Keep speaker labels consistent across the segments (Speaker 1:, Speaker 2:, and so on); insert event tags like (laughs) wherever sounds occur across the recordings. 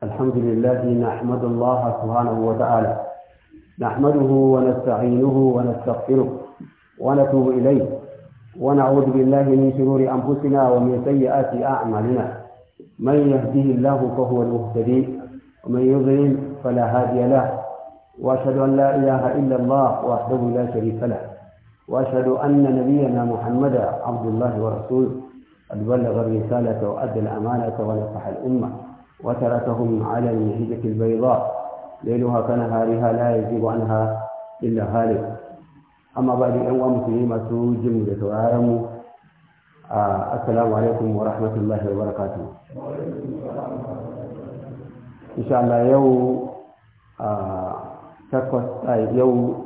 Speaker 1: الحمد لله نحمد الله سبحانه وتعالى نحمده ونستعينه ونستغفره ونتوب إليه ونعوذ بالله من شرور أنفسنا ومن سيئات أعمالنا من يهده الله فهو المهتدي ومن يضلل فلا هادي له وأشهد أن لا إله إلا الله وحده لا شريك له وأشهد أن نبينا محمدا عبد الله ورسوله قد بلغ الرسالة وأدى الأمانة ونصح الأمة وتركهم على المهجة البيضاء ليلها كنهارها لا يجيب عنها إلا هالك أما بعد أن مسلمين مسلمة آه، جملة وعالم السلام عليكم ورحمة الله وبركاته إن شاء الله يوم آه، تقوى آه، يوم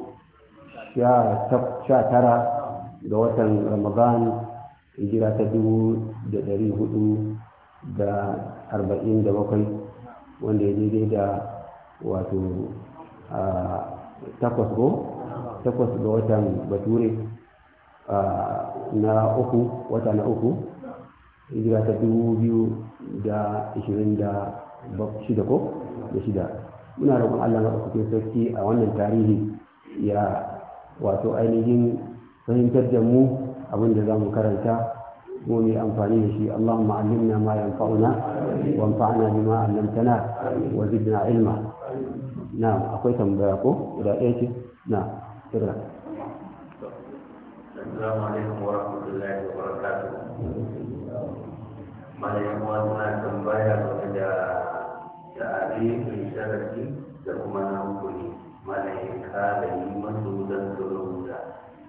Speaker 1: شاء ترى دوتا رمضان إجراء hijira ta dubu da arba'in da bakwai wanda ya daidai da wato takwas go takwas ga watan bature na uku wata na uku hijira ta dubu biyu da ishirin da shida ko da shida muna roƙon allah maɗaukakin sarki a wannan tarihi ya wato ainihin fahimtar da mu abin da za mu karanta muni amfani da shi Allahumma allimna ma yanfa'una wa anfa'na bima allamtana wa zidna ilma na'am akwai tambaya ko da ɗaya ce na'am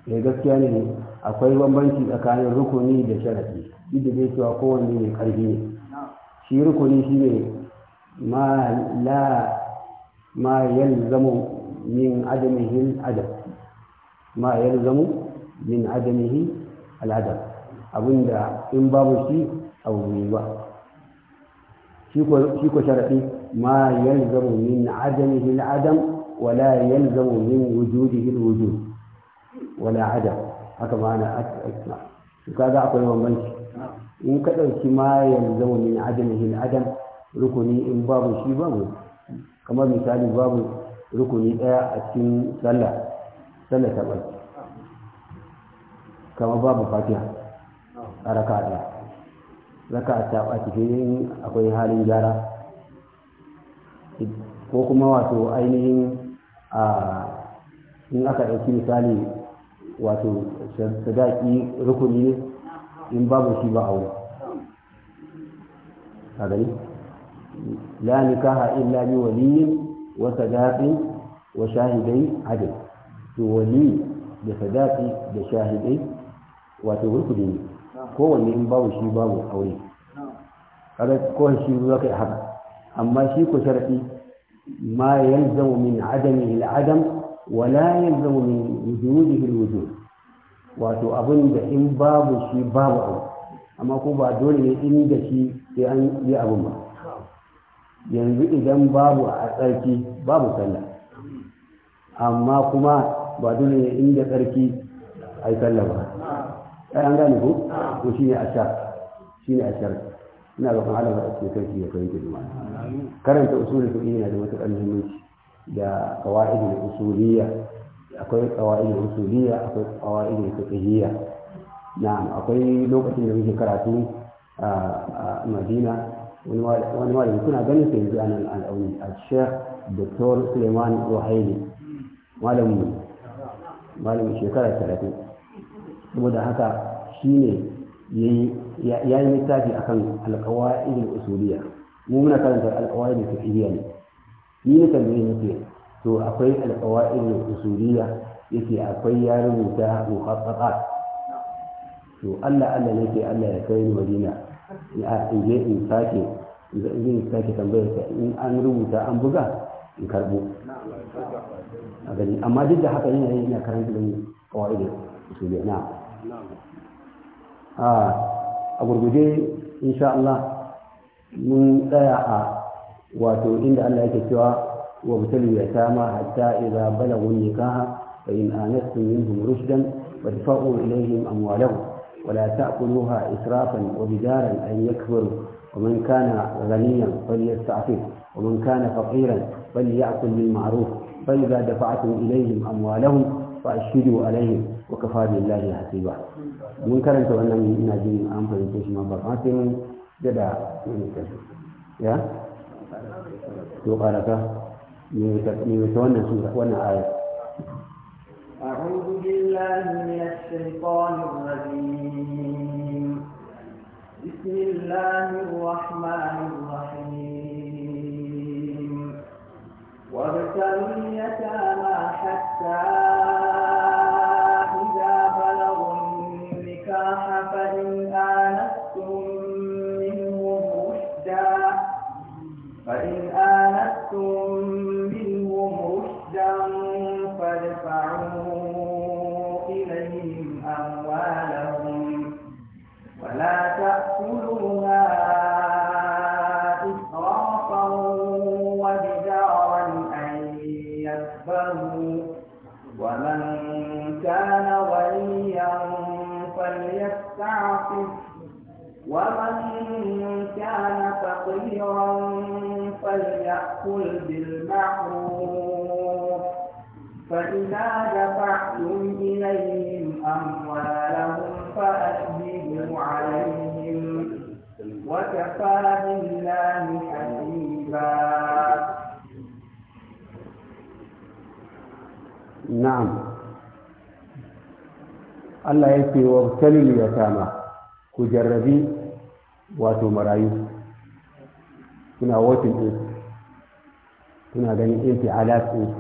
Speaker 1: da eh, gaskiya ne akwai bambanci tsakanin rukuni da sharafi inda zai cewa kowanne mai karfi ne shi rukuni shi ne ma la ma min adamihi adam ma yalzamu min adamihi al'adam abinda in babu shi abu bai ba shi ko sharafi ma yalzamu min adamihi al'adam wala yalzamu min wujudihi alwujud wala adam haka ba na asma to kaga akwai bambanci in ka ɗauki ma yanzu min yin adam rukuni in babu shi babu kamar misali babu rukuni ɗaya a cikin sallah sallah ta ɓarki kamar babu fatiha a raka ɗaya raka ta ɓarki sai akwai halin gyara ko kuma wato ainihin a in aka ɗauki misali wato sadaki rukuni ne in babu shi ba aure a la nikaha illa bi waliyin wa sadaki, wa shahidai adil to wali da sadaqi da shahidai wato rukuni ne kowanne in babu shi babu aure kada ko shi ruwa kai haka amma shi ko sharadi ma yalzamu min adami al adam wala يلزم من وجوده الوجود wato ابن ده in babu shi babu abu amma ko ba dole ne in da shi sai an yi abin ba yanzu idan babu a tsarki babu sallah amma kuma ba dole ne in da tsarki a yi sallah ba ai an gane ko ko shine ashar a ina ga kuma Allah ya ya fahimta jima'a. karanta usulul fiqh yana da matukar muhimmanci يا قواعد الأصولية أقول قواعد الأصولية أقول قواعد الفقهية نعم أقول لغة الوجه كراتي مدينة ونوال يكون أغني في أنا الشيخ الدكتور سليمان روحيلي معلم معلم شكرا كراتي وده هكا شيني يعني تاجي أكن القواعد الأصولية مو من أكن القواعد الفقهية ni kan yi nake to akwai alƙawa'il usuliyya yake akwai ya rubuta muhaqqaqat to Allah Allah ne ke Allah ya kai Madina ya in je in sake in sake tambayar ka in an rubuta an buga in karbo amma duk da haka yana yana karanta da kawai usuliyya na ah, a gurgude insha Allah mun tsaya a واتو ان لا كتوا وابتلوا اليتامى حتى اذا بلغوا النكاح فان انستم منهم رشدا فادفعوا اليهم اموالهم ولا تاكلوها اسرافا وبدارا ان يكبروا ومن كان غنيا فليستعفف ومن كان فقيرا فليأكل بالمعروف فإذا دفعتم إليهم أموالهم فأشهدوا عليهم وكفى بالله حسيبا من كان أنني إن أجل أنفذ ما بقاتل جدا من الكذب. يا to baraka ne ta wannan sura wannan aya
Speaker 2: أعوذ بالله من الشيطان الرجيم بسم الله الرحمن الرحيم وابتلوا اليتامى حتى وأكل بالمعروف فإذا دفعتم إليهم أموالهم فأشهدوا عليهم وكفى بالله حسيبا
Speaker 1: نعم Allah ya ce wa talil yatama ku jarrabi wato marayu suna watin ɗinsu suna ganin fi ɗinsu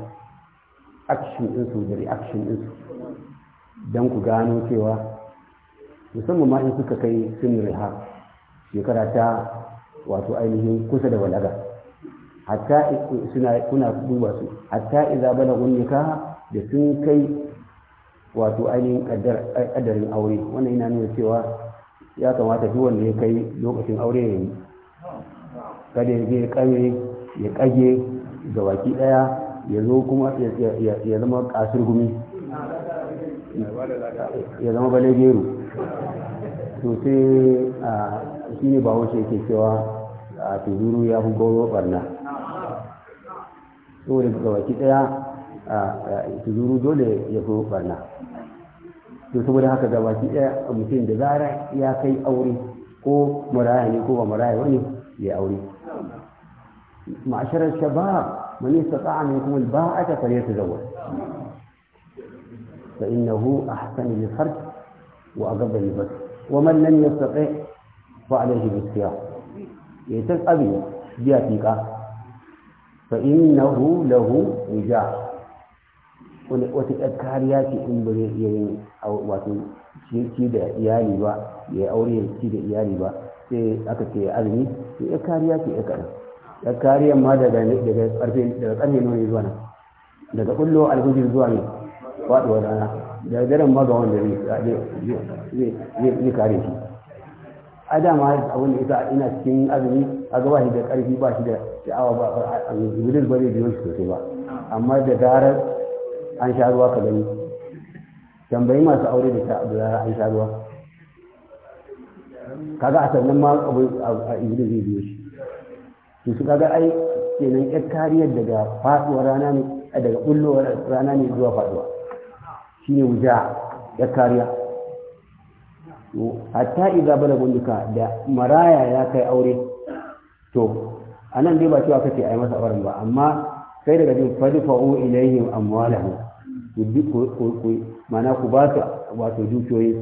Speaker 1: action su da reaction su don ku gano cewa musamman ma in suka kai sun riha shekara ta wato ainihin kusa da balaga hatta suna kuna duba su hatta idza da sun kai wato ainihin ƙaddarin aure wannan yana nuna cewa ya kamata duk wanda ya kai lokacin aure ya yi kada ya je ya kage ga baki daya ya zo kuma ya zama kasir gumi
Speaker 3: ya zama geru
Speaker 1: to sai shi ne bahaushe ke cewa a tuzuru ya fi goro barna da ga baki daya tuzuru dole ya fi barna to saboda haka ga baki daya mutum da zara ya kai aure ko maraya ne ko ba maraya wani ya aure معشر الشباب من استطاع منكم الباعة فليتزوج فإنه أحسن للفرج وأقرب للبصر ومن لم يستطع فعليه بالصيام يتك أبي بياتيك فإنه له وجاء وتذكاريا ce in bare yayin wato ci da iyali ba ya aure ci da iyali ba sai aka ce azumi to ya kariya ce ya kaɗan da kariyar ma daga karfe daga karfe nuni zuwa nan daga kullo alhujir zuwa ne faduwar rana da daren ma ga wanda zai kare shi a dama abin da ita ina cikin azumi a gaba shi da ƙarfi ba shi da sha'awa ba a gudun ba zai biyo shi sosai ba amma da garar an sha ruwa ka gani tambayi masu aure da ta an sha ruwa kaga a sannan ma abu a gudun zai biyo shi su su kaga ai kenan yar kariyar daga faduwar rana ne daga bullowar rana ne zuwa faduwa ne wuja yar kariya to hatta idza bala duka da maraya ya kai aure to a nan dai ba cewa kace ai masa auren ba amma sai daga jin fadfa'u ilaihim amwalahum ku mana ku ba su wato dukiyoyi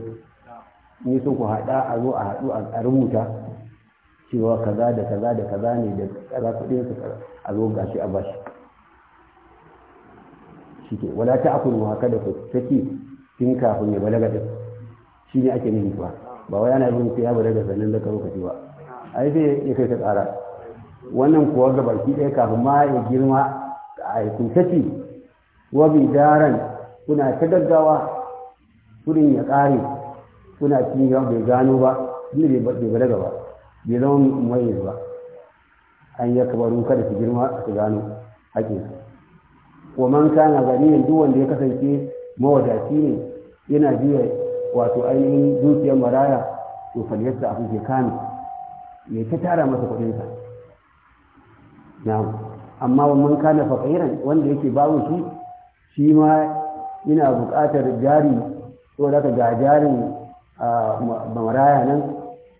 Speaker 1: ni sun ku haɗa a zo a haɗu a rubuta cewa kaza da kaza da kaza ne da kaza kudin su a zo gashi a bashi shike wala akulu haka da ku take in kafin ya balaga din shi ne ake nufi ba ba wai ana yin ya balaga sanin da karo kaci ba ai sai ya kai ta tsara wannan kuwa ga baki ɗaya kafin ma ya girma a aikun tafi wa daran kuna ta gaggawa kudin ya ƙare kuna cin bai gano ba ni bai balaga ba bai zama mai ba an ya kabaru kada su girma su gano su wa man kana ganiyan duk wanda ya kasance mawadaci ne yana jiya wato ainihin dukiyar maraya to falyarsa a ke kame me ta tara masa sa na'am amma wa man kana faqiran wanda yake babu shi shi ma yana buƙatar jari to da ga jarin ah, maraya nan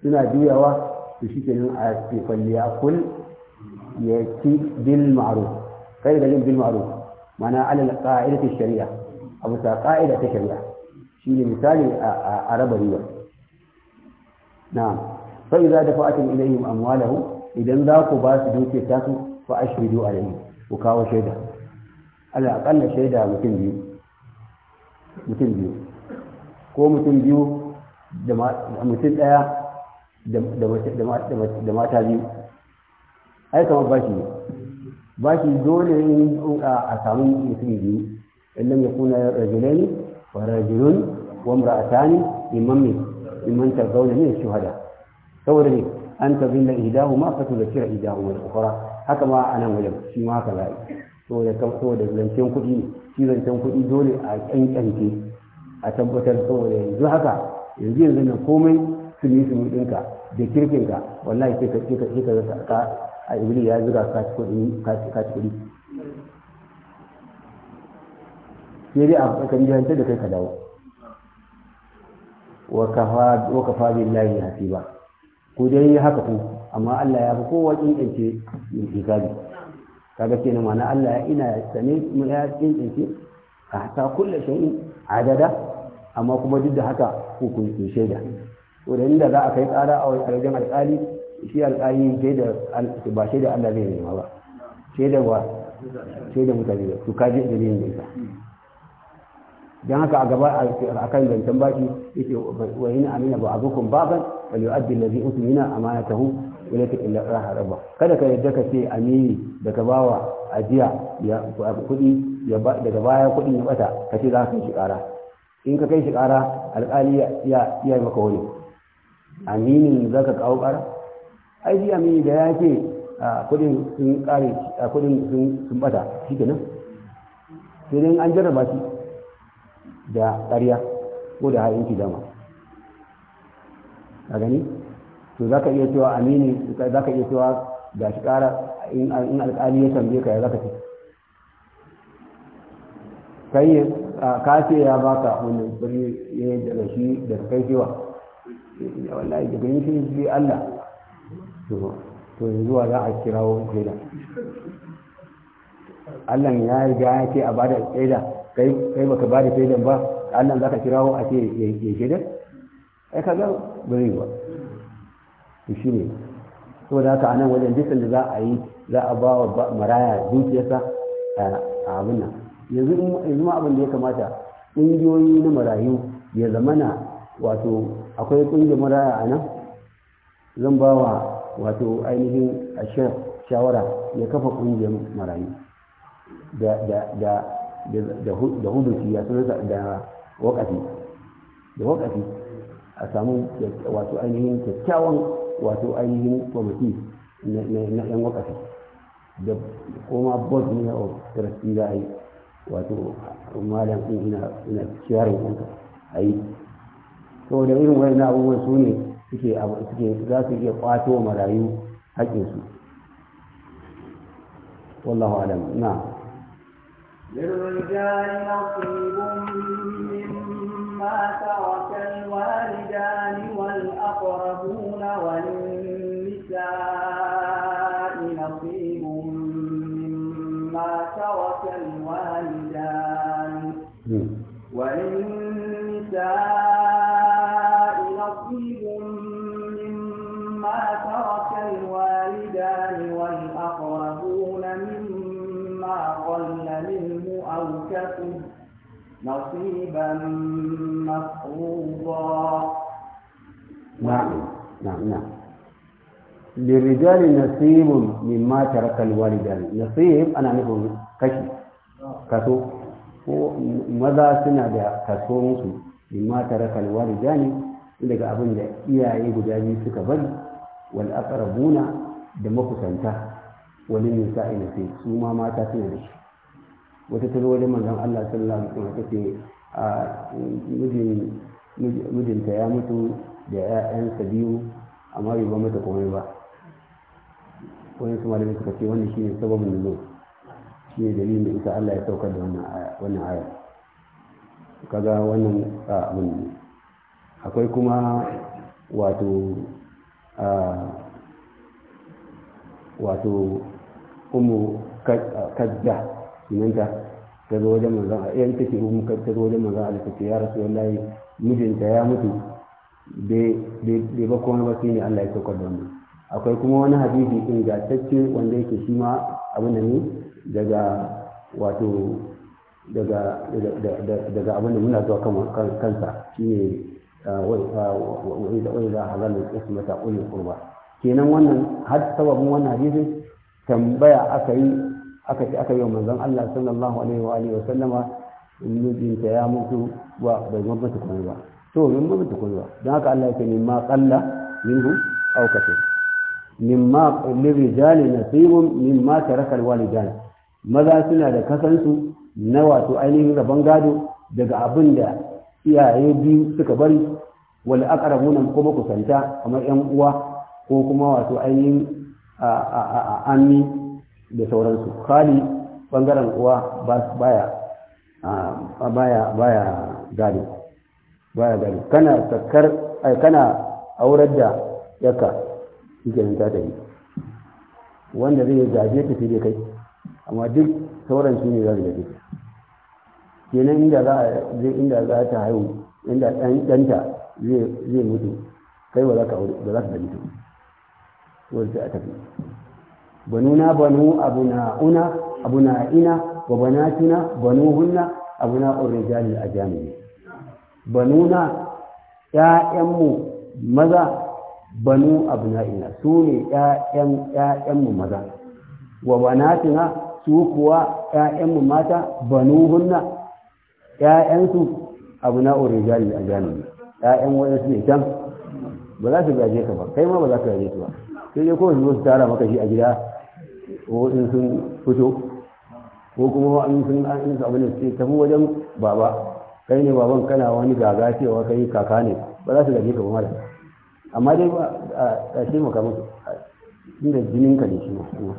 Speaker 1: suna juyawa to shi nan a ce kwalliya ya ci bil ma'ruf kai da bil ma'ruf mana alal qa'idati shari'a abu ta ka'ida ta shari'a shi ne misali a raba riba na'am fa idza dafa'atum ilayhim amwalahum idan za ku ba su duke ta su fa ashhidu alayhi ku kawo shaida ala aqalla shaida mutum biyu mutum biyu ko mutum biyu da mutum daya da mata biyu ai kamar bashi ne bashi dole a samu mutum biyu illam ya kuna rajulani wa rajulun wa imra'atani imman min zaune ne, shi shuhada saboda ne an tabinna idahu ma fatu da kira idahu wani ukhra haka ma a nan wajen shi ma haka za'a saboda saboda zancen kuɗi ne shi zancen kuɗi dole a kyankyance a tabbatar saboda yanzu haka yanzu yanzu na komai sumi-sumi ɗinka da kirkinka wallahi sai ka sai ka ka a ibili ya zuga ka ci kuɗi ka ci kuɗi sai dai a kan jihantar da kai ka dawo wa kafa billahi hasiba ku dai haka ku amma Allah ya fi kowa kinkance min hisabi kaga ce na ma'ana Allah ina sane mu ya kinkance a ta kullu shay'in adada amma kuma duk da haka ku kun shaida to da inda za a kai tsara a wajen alƙali shi alƙali sai da ba shi da Allah zai nema ba sai da wa sai da mutane da su ji da yin da dan haka a gaba a kan zancen baki yake wa yana amina ba abukum baban wa yu'addi allazi utmina amanatahu ilaika illa raha rabba kada ka yadda ka ce amini daga bawa ajiya ya kudi ya daga baya kudin ya bata ka ce za ka kai shi kara in ka kai shi kara alƙali ya ya maka wani aminin za ka kawo ƙara ai shi amini da ya ce kudin sun ƙare kudin sun bata shi kenan sai dai an jarraba shi da ƙarya ko da hayanci dama a gani to za ka iya cewa amini za ka iya cewa ga shi ƙara in alƙali ya tambaye ka ya za ka ce kai ka ce ya baka wannan birni ya yi da shi da kai cewa wallahi daga yi sai zai Allah to yanzu za a kirawo shaida Allah ya riga ya ce a bada shaida kai kai baka bada shaidan ba Allah za ka kirawo a ce ya shaida ai kaga ba zai ba to shine saboda haka nan wajen dukkan da za a yi za a ba wa maraya dukiyarsa a abin nan yanzu ma abin da ya kamata ƙungiyoyi na marayu ya zamana wato akwai kungiyar maraya a nan zan ba wa wato ainihin ashir shawara ya kafa kungiyar marayu da hudusi ya sunansa da wakafi da wakafi a samu wato ainihin kyakkyawan wato ainihin kwamiti na 'yan wakafi da kuma board ne of trustee za a yi wato malam ina ciyarar yanka a yi saboda irin na abubuwan su ne suke suke za su iya kwato marayu haƙƙinsu wallahu alam na
Speaker 2: للرجال نصيب مما ترك الوالدان والأقربون وللنساء نصيب مما ترك الوالدان وللنساء أو تكن نصيبا مفروضا
Speaker 1: نعم نعم نعم للرجال kaso ko maza suna da kaso musu imma taraka alwalida ne daga abin da iyaye guda biyu suka bar wal aqrabuna da makusanta wal nisa'i nasi su ma mata suna da shi wata ta zo wajen manzon Allah sallallahu alaihi wasallam ce a mijinta ya mutu da 'ya'yansa biyu amma bai ba mata komai ba wani su malamin suka ce wannan shine sababin da shi shine dalilin da isa Allah ya saukar da wannan aya kaga wannan abin ne akwai kuma wato wato umu kajja sunanta ta zo wajen manzan a yan take umu ta zo wajen manzan Allah take ya rasu wallahi mijinta ya mutu bai ba komai ba ne Allah ya saukar da mu akwai kuma wani hadisi ingantacce wanda yake shi ma abin da ne daga wato daga daga abin da muna zuwa kansa shi ne wani za a zalar ismata ulil qurba kenan wannan har sababin wannan hadisin tambaya aka yi aka ce aka yi manzon Allah sallallahu alaihi wa alihi wa sallama ta ya mutu wa bai mabata komai ba to min mabata komai ba don haka Allah yake mimma qalla minhu aw kathir mimma lirijali nasibun mimma taraka alwalidan maza suna da kasansu na wato ainihin rabon gado daga abin da iyaye biyu suka bari wal aqrabuna kuma kusanta kamar yan uwa ko kuma wato ainihin anni da sauransu Hali bangaren uwa baya baya baya gado baya gari kana sakar ai kana aurar da yaka nan ta tafi wanda zai gaje ta sai kai amma duk sauran shi ne za su gaje kenan inda za zai inda za ta haihu inda dan danta zai zai mutu kai ba za ka ba za ka gaje ta wanda ta tafi banuna banu abunauna abunaina wa banatuna banuhunna abuna'ur rijali a jami'i banuna ƴaƴanmu maza banu abuna'ina su ne ƴaƴan maza wa banatuna su kuwa ƴaƴanmu mata banuhunna ƴaƴansu abuna'ur rijali a jami'i ƴaƴan wayansu ne can ba za su gaje ka ba kai ma ba za ka gaje su ba sai dai kowace su tara maka shi a gida ko in sun fito ko kuma an sun an yi abu ne tafi wajen baba kai ne baban kana wani gaga cewa kai kaka ne ba za su gaje ka kuma mara amma dai ba a shi maka mutu inda jinin ka ne shi ma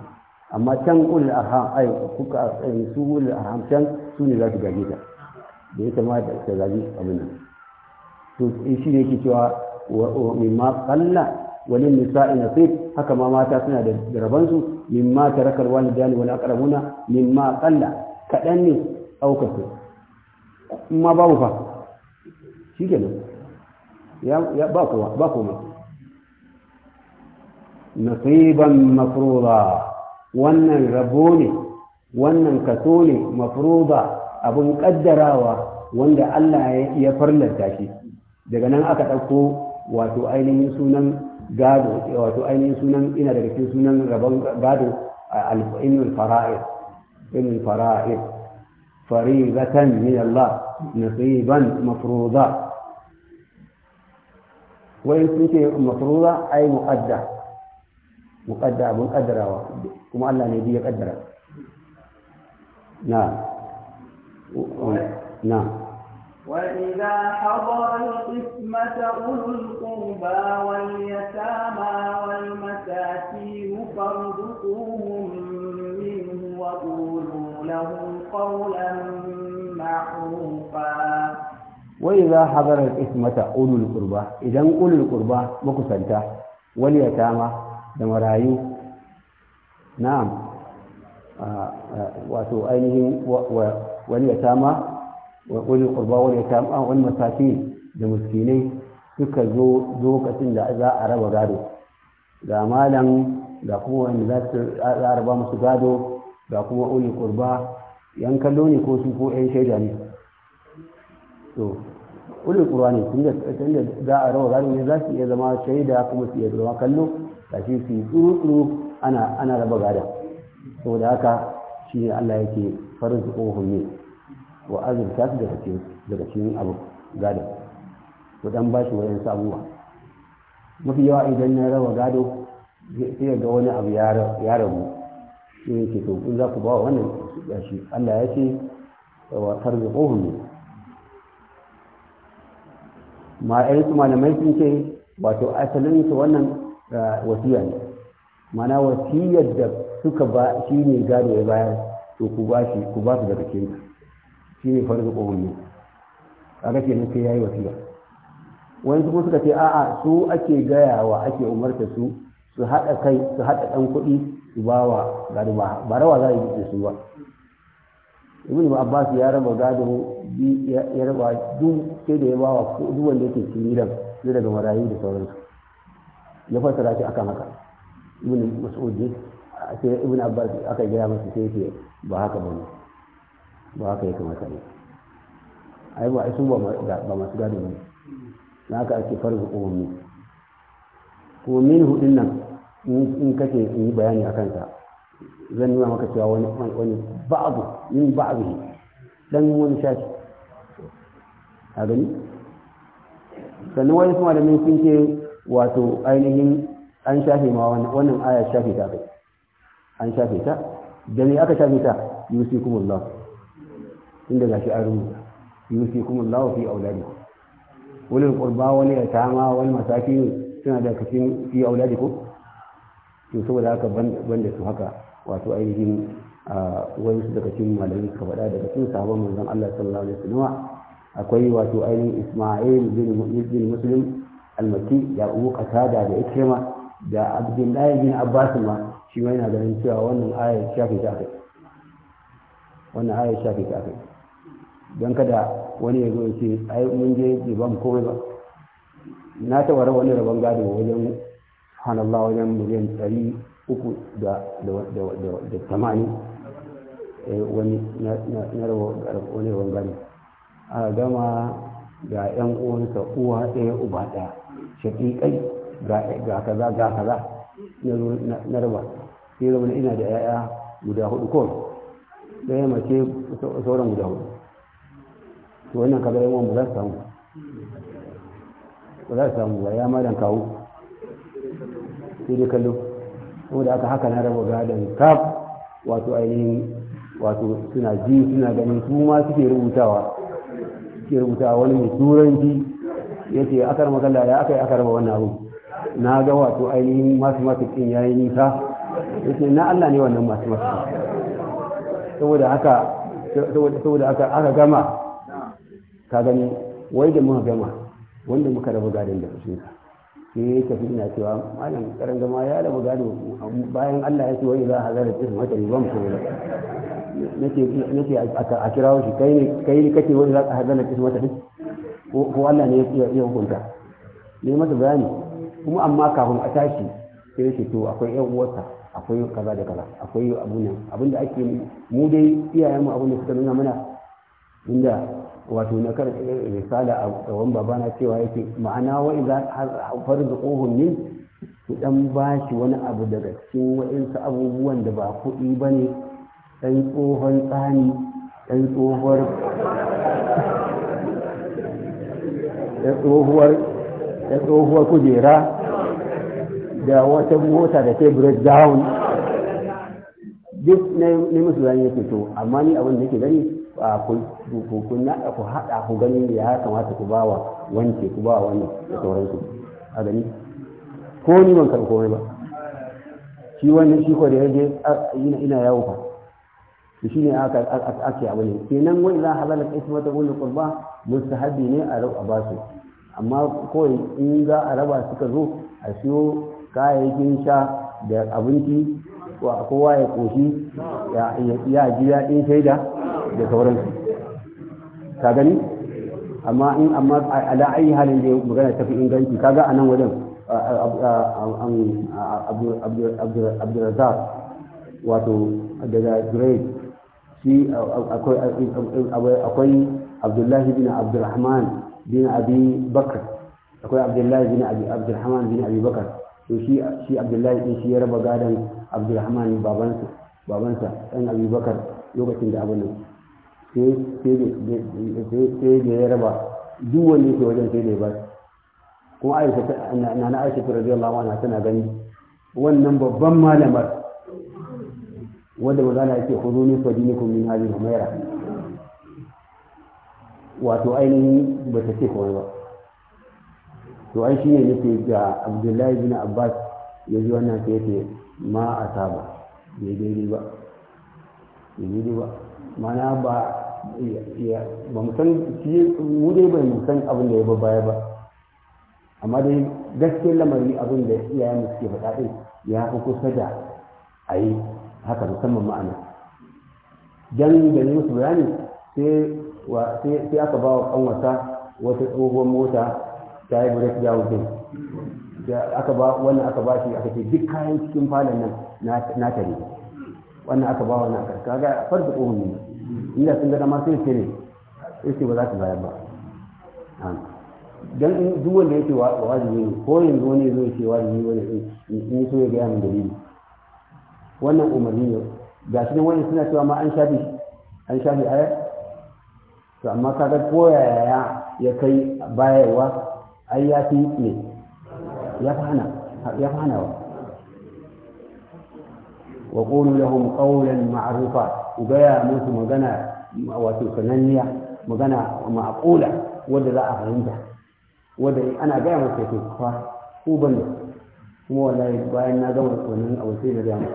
Speaker 1: amma can ulul arham ai kuka su ulul arham can su ne za su gaje ka da ya da ta gaje abin nan to shi ne yake cewa wa ma qalla walin nisa'i nasib haka ma mata suna da rabansu mimma tarakal walidani wal aqrabuna mimma qalla kadan ne aukatu amma babu fa shikenan ya ya ba kowa ba kowa nasiban mafruḍa wannan rabo ne wannan kaso ne mafruḍa abun kaddarawa wanda Allah ya farlanta shi
Speaker 2: daga nan aka ɗauko wato ainihin sunan
Speaker 1: قالوا وتو أين سنن إن ذلك سنن ربان قادوا إن الفرائض إن الفرائض فريضة من الله نصيبا مفروضا وإن كنت مفروضة أي مؤدى مؤدى أبو الأدرى وما ألا نبي قدرة نعم نعم
Speaker 2: وإذا حضر القسمة أولو القربى واليتامى والمساكين فارزقوهم منه وقولوا لهم قولا معروفا
Speaker 1: وإذا حضر القسمة أولو القربى إذا أولو القربى مكسنتا واليتامى دمرايو نعم آه آه واتو أينهم واليتامى wa ƙuli ƙurba wani ta wani masafi da muskinai suka zo lokacin da za a raba gado ga malam ga kuma wanda za su raba musu gado ga kuma ƙuli ƙurba yan kallo ne ko su ko yan shaida ne to ƙuli ƙurba ne tun da za a raba gado ne za su iya zama shaida kuma su iya zama kallo ga shi su yi tsuru-tsuru ana raba gada saboda haka shi ne allah yake farin su ƙohon ne wa azurta su daga cikin abu gado ku dan ba shi wayan sabuwa mafi yawa idan na raba gado sai ga wani abu ya rabu shi yake to in za ku ba wannan shi Allah ya ce wa tarzuquhum ne ma ai su malamai sun ce wato asalin su wannan wasiya ne mana wasiyar da suka ba shi ne gado ya bayar to ku ba shi ku ba su daga cikin shi ne farzu ne a ga nan sai ya yi wasiya wani kuma suka ce a'a su ake gayawa ake umarta su su haɗa kai su haɗa ɗan kuɗi su ba wa gari ba rawa za a yi su ba ibn abbas ya raba gado ya raba duk sai da ya ba wa duk wanda yake cikin gidan sai daga marayu da sauransu ya fassara shi akan haka ibn mas'ud sai ibn abbas aka gaya masa sai ce ba haka bane ba haka ya kamata ne ai ba su ba masu gado ne na haka ake farzu umumi ko min hudun nan in kake in yi bayani a kansa zan nuna maka cewa wani wani ba'abu min ba'abu dan wani shashi a gani sannan wani kuma da min sun ce wato ainihin an shafe ma wannan aya shafe ta kai an shafe ta da ne aka shafe ta yusikumullah inda gashi an rubuta kuma lawa fi auladikum wani qurba wani yatama wani masakin suna da kafin fi auladikum to saboda haka banda su haka wato ainihin wani su daga cikin malami suka faɗa daga cikin sabon manzon Allah sallallahu alaihi wasallam akwai wato ainihin Isma'il bin Muslim al-Makki da Abu Qatada da Ikrima da Abdullahi bin Abbas ma shi ma yana ganin cewa wannan ayar shafi ta kai wannan ayar shafi ta kai don kada wani ya zo ya ce ai mun je jiban komai ba na taɓa wani rabon gado wajen hanallah wajen miliyan ɗari uku da tamanin eh, wani na rabon gado a gama ga 'yan uwansa uwa ɗaya uba ɗaya ƙai ga kaza ga kaza na raba sai zama ina da 'ya'ya guda hudu kowai, ɗaya mace sauran guda hudu to wannan kaga yan wani ba za su samu ba za su samu ba ya malam kawo sai dai kallo saboda aka haka na raba gadon kaf wato ainihin wato suna ji suna ganin su ma suke rubutawa suke rubutawa wani mai turanci ya ce rama kalla ya aka yi aka raba wannan abu na ga wato ainihin masu masu ɗin ya yi nisa ya ce na Allah ne wannan masu masu saboda haka saboda aka gama ka gani wai da muka gama wanda muka rabu gadon da fushin sa sai ya tafi ina cewa malam karan gama ya rabu gado bayan Allah ya ce wai za a hazara cikin wata riba mu ne nake a kirawo shi kai ne kai ne kake wai za a hazara cikin wata riba ko Allah ne ya hukunta ne masa bayani kuma amma kafin a tashi sai yake to akwai yan uwarsa akwai kaza da kaza akwai abun nan abinda ake mu dai iyayen mu da suka nuna mana inda wato na kan risala a tsawon babana cewa yake ma'ana wa da farzuquhum ne su dan bashi wani abu daga cikin wa'insu abubuwan da ba kuɗi bane ɗan tsohon tsani ɗan tsohuwar ɗan (laughs) tsohuwar kujera da wata mota da ke break down duk na musu zan yake to amma ni abin da yake gani ku naɗa ku haɗa ku gani da ya kamata ku bawa wance ku bawa wannan da sauransu a gani ko ni ban karɓi komai ba shi wannan shi ko da yaje ina yawo fa to shine aka ake abu ne kenan wai za halala kai ta wani qurba mustahabi ne a raba ba su amma ko in za a raba suka zo a siyo kayayyakin sha da abinci kowa ya koshi ya ji daɗin shaida da sauransu ka gani amma in amma ala ayi halin da magana ta fi inganci kaga a nan wajen abdulrazak wato daga grade shi akwai abdullahi bin abdulrahman bin abi bakar akwai abdullahi bin abdulrahman bin abi bakar to shi shi abdullahi din shi ya raba gadon abdulrahman babansa babansa abi abubakar lokacin da abin nan sai da ya raba duk wanda yake wajen sai da ya bashi kuma aisha na na aisha radiyallahu anha tana gani wannan babban malamar wanda mazala yake hudu ne fadinikum min hadhihi humaira wato ainihin ba ta ce kawai ba to ai shine nake ga abdullahi bin abbas ya ji wannan sai yake ma saba, bai daidai ba bai daidai ba mana ba ba mu san mu dai bai mu san abin da ya ba baya ba amma dai gaske lamari abin da ya mu suke faɗa ɗin ya fi kusa da a yi haka musamman ma'ana dan da ne musu bayani sai aka ba wa kanwata wata tsohuwar mota ta yi break down din aka ba wannan aka ba shi aka ce duk kayan cikin falon nan na tare wannan aka ba wannan aka kaga farko ne inda sun ga dama sai ce ne sai ba za su bayar ba dan in duk wanda yake wa wajibi ne ko yanzu wani zai ce wajibi wani in so ya gaya min dalili wannan umarni ne ga shi wani suna cewa ma an shafi an shafi aya to amma kaga ko yaya ya kai bayarwa ai ya fi ne ya fana ya fana wa wa qulu lahum qawlan ma'rufa ku gaya musu magana wato sananniya magana ma'aqula wanda za a fahimta wanda ana gaya masa sai fa ku ban kuma wallahi bayan na gama wannan abu sai da gaya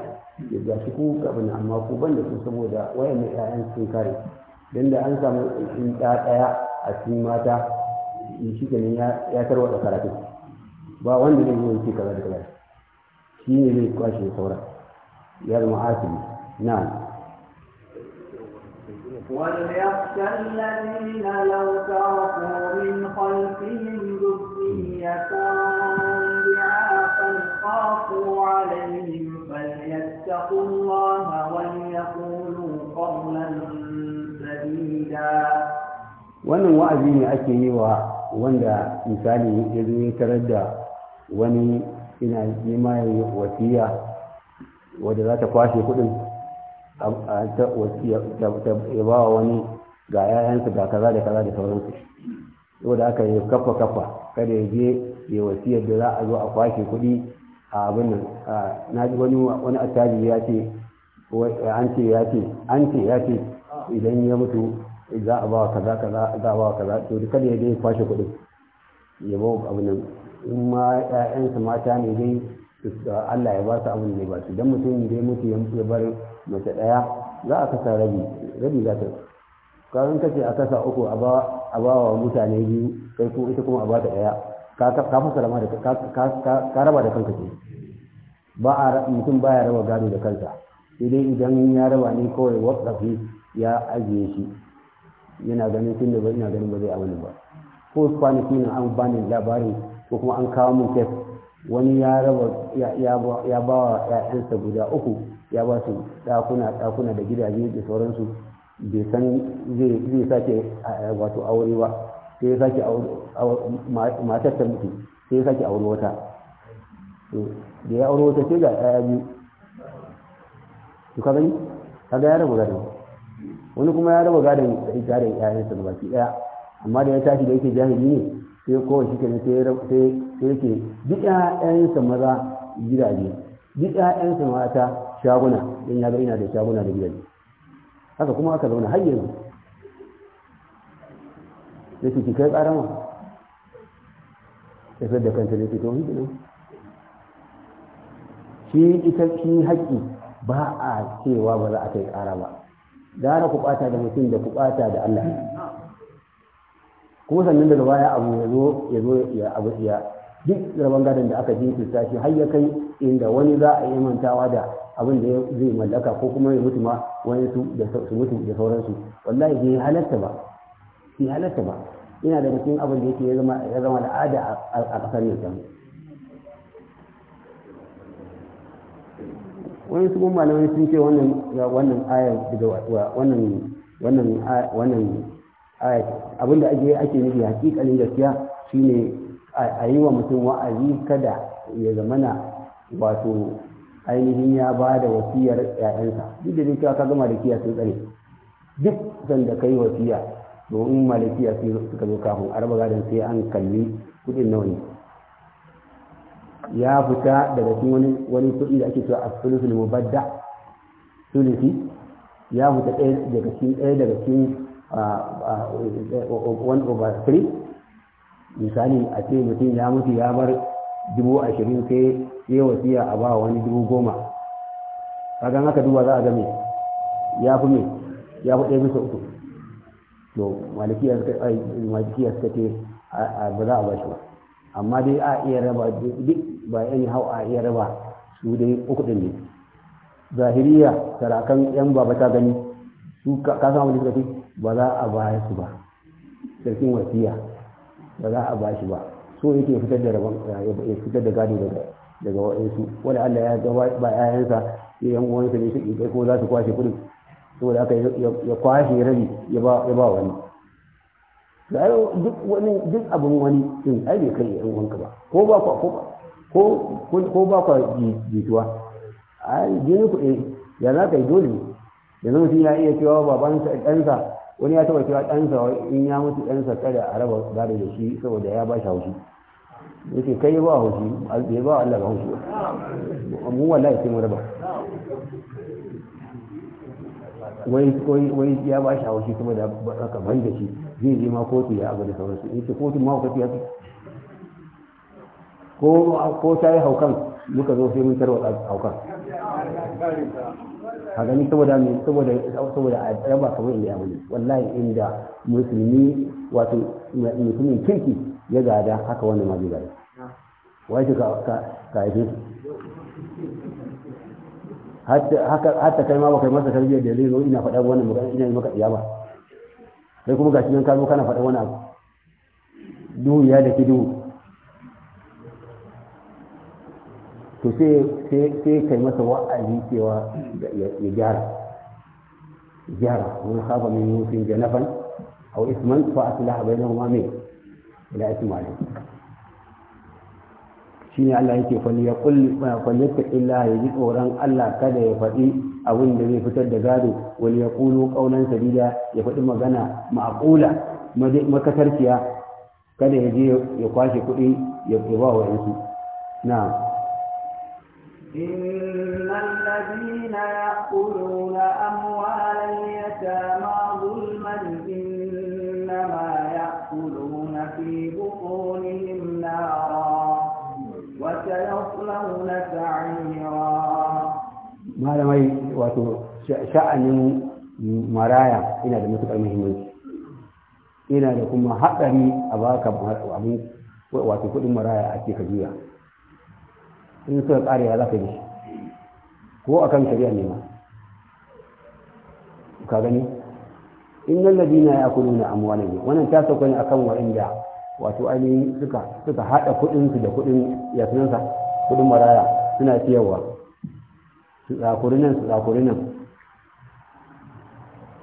Speaker 1: ya gashi shi ku gaban amma ku ban da su saboda wayan ƴaƴan sun kare dan da an samu in ɗaya a cikin mata shi kenan ya tarwata karatu ba wanda zai yi ce kaza da kaza shi ne zai kwashe sauran ya zama asibi na'am
Speaker 2: وليخشى الذين لو تركوا من خلفهم ذرية ضعافا خافوا عليهم فليتقوا الله وليقولوا قولا سديدا
Speaker 1: wannan wa'azi ne ake yi wa wanda misali ya zo ya tarar da wani ina nema ya wasiya wadda za ta kwashe kuɗin ya ba wa wani ga 'ya'yansa ga kaza da kaza da sauransu yau da aka yi kafa kafa kada ya je ya wasu yadda za a zo a kwashe kuɗi a abin nan na ji wani wani attaji ya ce an ce ya ce an ce ya ce idan ya mutu za a ba kaza kaza za a ba kaza to kada ya je ya kwashe kudi ya ba abin nan in ma ƴaƴansa mata ne dai Allah ya ba su abin da ya ba su dan mutum da ya mutu ya bar mace ɗaya za a kasa rabi rabi za ta ka ce a kasa uku a ba wa mutane biyu kai ko ita kuma a ba ta ɗaya ka fasa rama da ka raba da kanka ce ba a mutum baya raba gado da kansa idan idan ya raba ne kawai wakafi ya ajiye shi yana ganin tun da ina ganin ba zai amana ba ko kwanaki na an bani labarin ko kuma an kawo mun kes wani ya raba ya ba wa 'ya'yansa guda uku ya ba su ɗakuna ɗakuna da gidaje da sauransu bai san zai sake wato aure ba sai ya sake matar ta mutu sai ya sake aure wata da ya aure wata sai ga ɗaya biyu to ka gani kaga ya raba gadon wani kuma ya raba gadon da ita da ƴaƴansa da baki ɗaya amma da ya tashi da yake jahili ne sai kowace shi kenan sai yake duk sa maza gidaje duk ƴaƴansa mata shaguna don ya ga ina da shaguna da biyar haka kuma aka zauna har yanzu da su kai ƙarama ya fi da kanta da su to ne shi ita shi haƙƙi ba a cewa ba za a kai ƙara ba gara ku ɓata da mutum da ku ɓata da Allah kuma sannan daga baya abu ya zo ya zo ya abu ya duk rabon gadon da aka jinkirta shi har ya kai inda wani za a yi mantawa da abin da zai mallaka ko kuma ya mutu ma wani su da su mutu da sauransu wallahi bai halatta ba bai halatta ba ina da cikin abin da yake ya zama ya zama al'ada a kasar nan wani su kuma malamai sun ce wannan wannan ayar daga wannan wannan wannan ayar abinda ake ake nufi hakikalin gaskiya shine a yi wa mutum wa'azi kada ya zamana wato ainihin ya ba da wasiyar ‘ya'yansa duk da cewa ka gama da kiya sun tsare duk sanda kai wasiya domin malakiya suka zo kafin arba gadon sai an kalli kudin nawa ne ya fita daga cikin wani wani kuɗi da ake cewa asulusul mubadda sulusi ya fita ɗaya daga cikin daga cikin ah, ah, eh, eh, one over three misali a ce mutum ya mutu ya bar dubu ashirin sai ya wasiya a ba wani dubu goma gan haka duba za a game ya fi me ya fi ɗaya bisa uku to malikiya suka ce ba za a ba shi ba amma dai a iya raba duk ba yan hau a iya raba su dai uku ɗin ne zahiriya sarakan yan baba ta gani su wani suka ce ba za a ba su ba sarkin wasiya ba za a bashi ba so yake fitar da rabon ya fitar da gado daga daga wa'ansu wani Allah ya ga ba yayansa ya yan uwansa ne su kai ko za su kwashe kudin saboda aka ya kwashe rabi ya ba ya ba wani da duk wani duk abin wani din ai bai kai yan uwanka ba ko ba ko ko ko ba ka jituwa ai jini ku eh ya za ka yi dole yanzu mutum ya iya cewa babansa ɗansa wani ya taba cewa ɗansa in ya mutu ɗansa kada a raba gado da shi saboda ya ba shi haushi ya ce kai ba haushi ya ba Allah ba haushi mu wallahi sai mu raba wai ya ba shi haushi saboda aka ban da shi zai je ma kotu ya abu da sauransu ya ce kotu ma hukaci ya fi ko ta yi haukan muka zo sai mun tarwa haukan ka gani saboda mai saboda saboda a raba kamar inda ya bane wallahi inda musulmi wato musulmin kirki ya gada haka wani ma zai gada wai ka ka yi hatta kai ma baka yi masa tarbiyyar da zai zo ina faɗa wannan magana ina yi maka iyaba sai kuma gashi nan ka zo kana faɗa wani abu duhu ya da ki duhu to sai kai masa wa'azi cewa ya gyara gyara wani haɓa mai nufin janafan a isman fa a tilaha bai nan mame ila ake malin shi ne allah yake ta illa ya ji tsoron allah kada ya faɗi abin da zai fitar da gado wani ya ƙulu ƙaunar sabida ya faɗi magana ma'aƙula makatarciya kada ya je ya kwashe kuɗi ya ba wa yansu na'am
Speaker 2: إن الذين يأكلون أموال اليتامى ظلما إنما يأكلون في بطونهم نارا وسيصلون سعيرا
Speaker 1: ما لم wato sha'anin maraya ina da matuƙar muhimmanci ina da kuma haɗari a baka abin kuɗin maraya ake in ya ƙare ya za ka yi ko a kan shari'a ne ma ka gani innal ladina na amwalahum wannan ta sauka ne akan wa'inda wato ainihin suka suka hada kuɗinsu da kudin yasunansa kudin maraya suna ciyarwa su tsakuri nan su tsakuri nan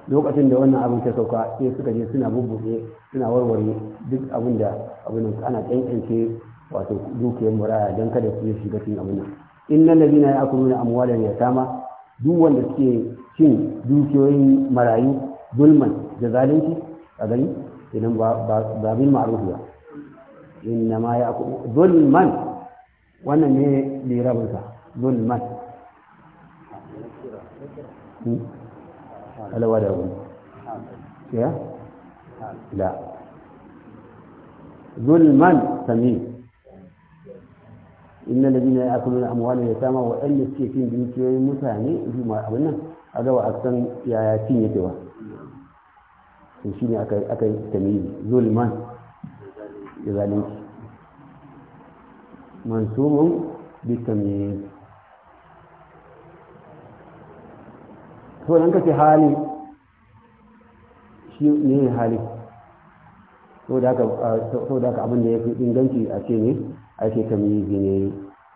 Speaker 1: lokacin da wannan abin ta sauka sai suka je suna bubbuɗe suna warware duk abin da abin ana ƙyanƙyance wato dukiyar maraya don kada su shiga cikin abin nan innal ladina ya'kuluna amwalan yatama duk wanda suke cin dukiyoyin marayu gulman da zalunci a gani idan ba bin ma'ruf ba inna ma ya'kulu zulman wannan ne lirabinsa zulman hmm? alawa da wani ya la zulman samin inna ladina ya'kuluna amwala yatama wa anna suke cin dukiyoyin mutane zuma abin nan a ga a san yaya cin yake ba to shine aka aka tamyiz zulman ya zalunci mansubun bi tamyiz to nan kace hali shi ne hali to da haka abin da ya fi inganci a ne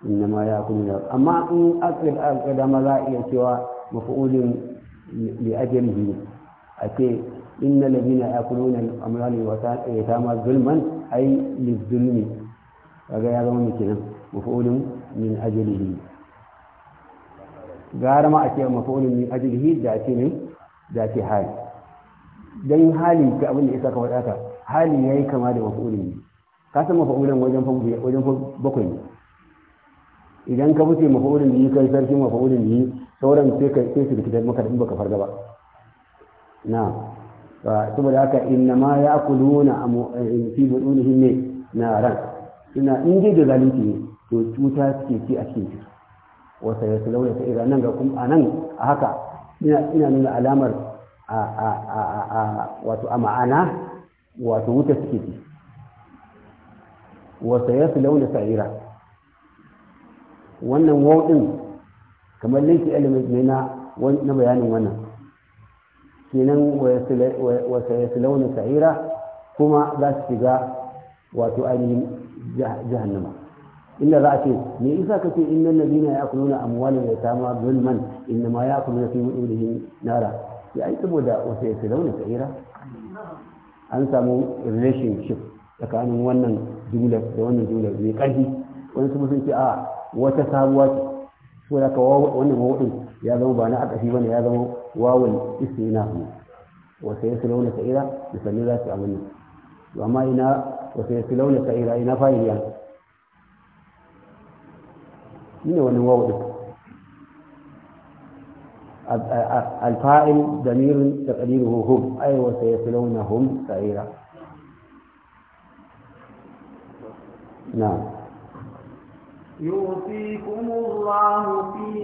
Speaker 1: inna ma ya kunu da amma in aqid aqida ma za iya cewa maf'ulun li ajlihi a ce inna ladina yakuluna al-amwali wa yatama zulman ay lizulmi kaga ya zama miki nan maf'ulun min ajlihi gara ma a ce maf'ulun min ajlihi da ce ne da ce hali dan hali ga abin da isa ka wadata hali yayi kama da maf'ulun ka san maf'ulun wajen wajen bakwai ne idan ka wuce mafa'ulin yi kai sarki mafa'ulin yi sauran sai ka sai su rikitar maka in baka farga ba na saboda haka inna ma ya'kuluna eh, fi budunihim ne na ran ina in dai da zalunci ne to cuta suke ci a cikin ciki wasa ya launa ta ira nan ga kuma a nan a haka ina nuna alamar a wato a ma'ana wato wuta suke ci wasa ya launa ta ira wannan waw kamar linki element ne na bayanin wannan kenan wa sayaslawna sa'ira kuma za su shiga wato ainihin jahannama inda za a ce me isa ka ce na innal ladina ya'kuluna amwalan yatama zulman innama ya'kuluna fi wuduhihim nara ya ai saboda wa sayaslawna sa'ira an samu relationship tsakanin wannan jumlar da wannan jumlar mai ƙarfi wani sun ce a wata sabuwa ce so da ka wannan wawudin ya zama ba na akashi bane ya zama wawul istina ne wa sai su launa sa'ira da sannu za su amini to amma ina wa sai su launa sa'ira ina fa'iliya shine wannan wawudin الفاعل ضمير تقديره هم أي وسيصلونهم سعيرا نعم يوصيكم
Speaker 2: الله في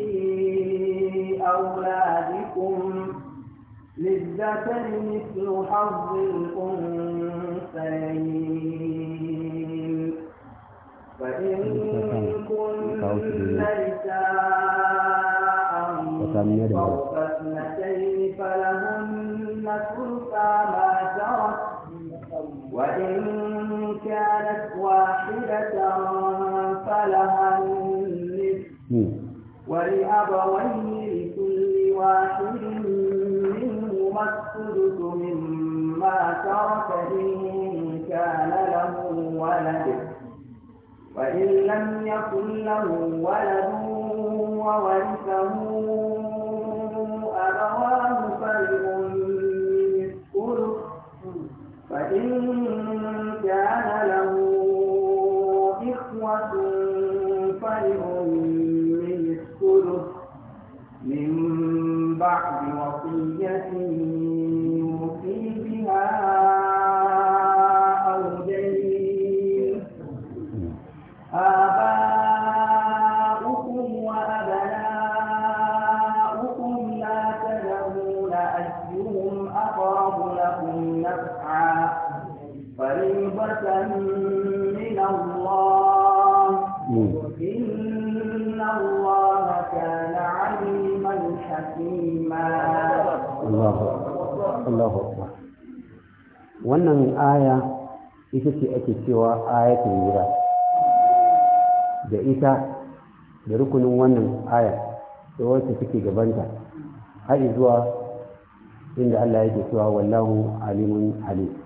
Speaker 2: أولادكم للذكر مثل حظ الأنثيين فإن كن نساء فوق اثنتين فلهن ثلثا ما ترك وإن كانت واحدة لها النصف ولأبويه لكل واحد منهما السدس مما ترك إن كان له ولد وإن لم يكن له ولد وورثه أبواه فلأمه الثلث فإن كان له
Speaker 1: wannan aya ita ce ake cewa ayatul wira da ita da rukunin wannan aya da wacce suke gabanta har zuwa inda Allah yake cewa wallahu alimun alim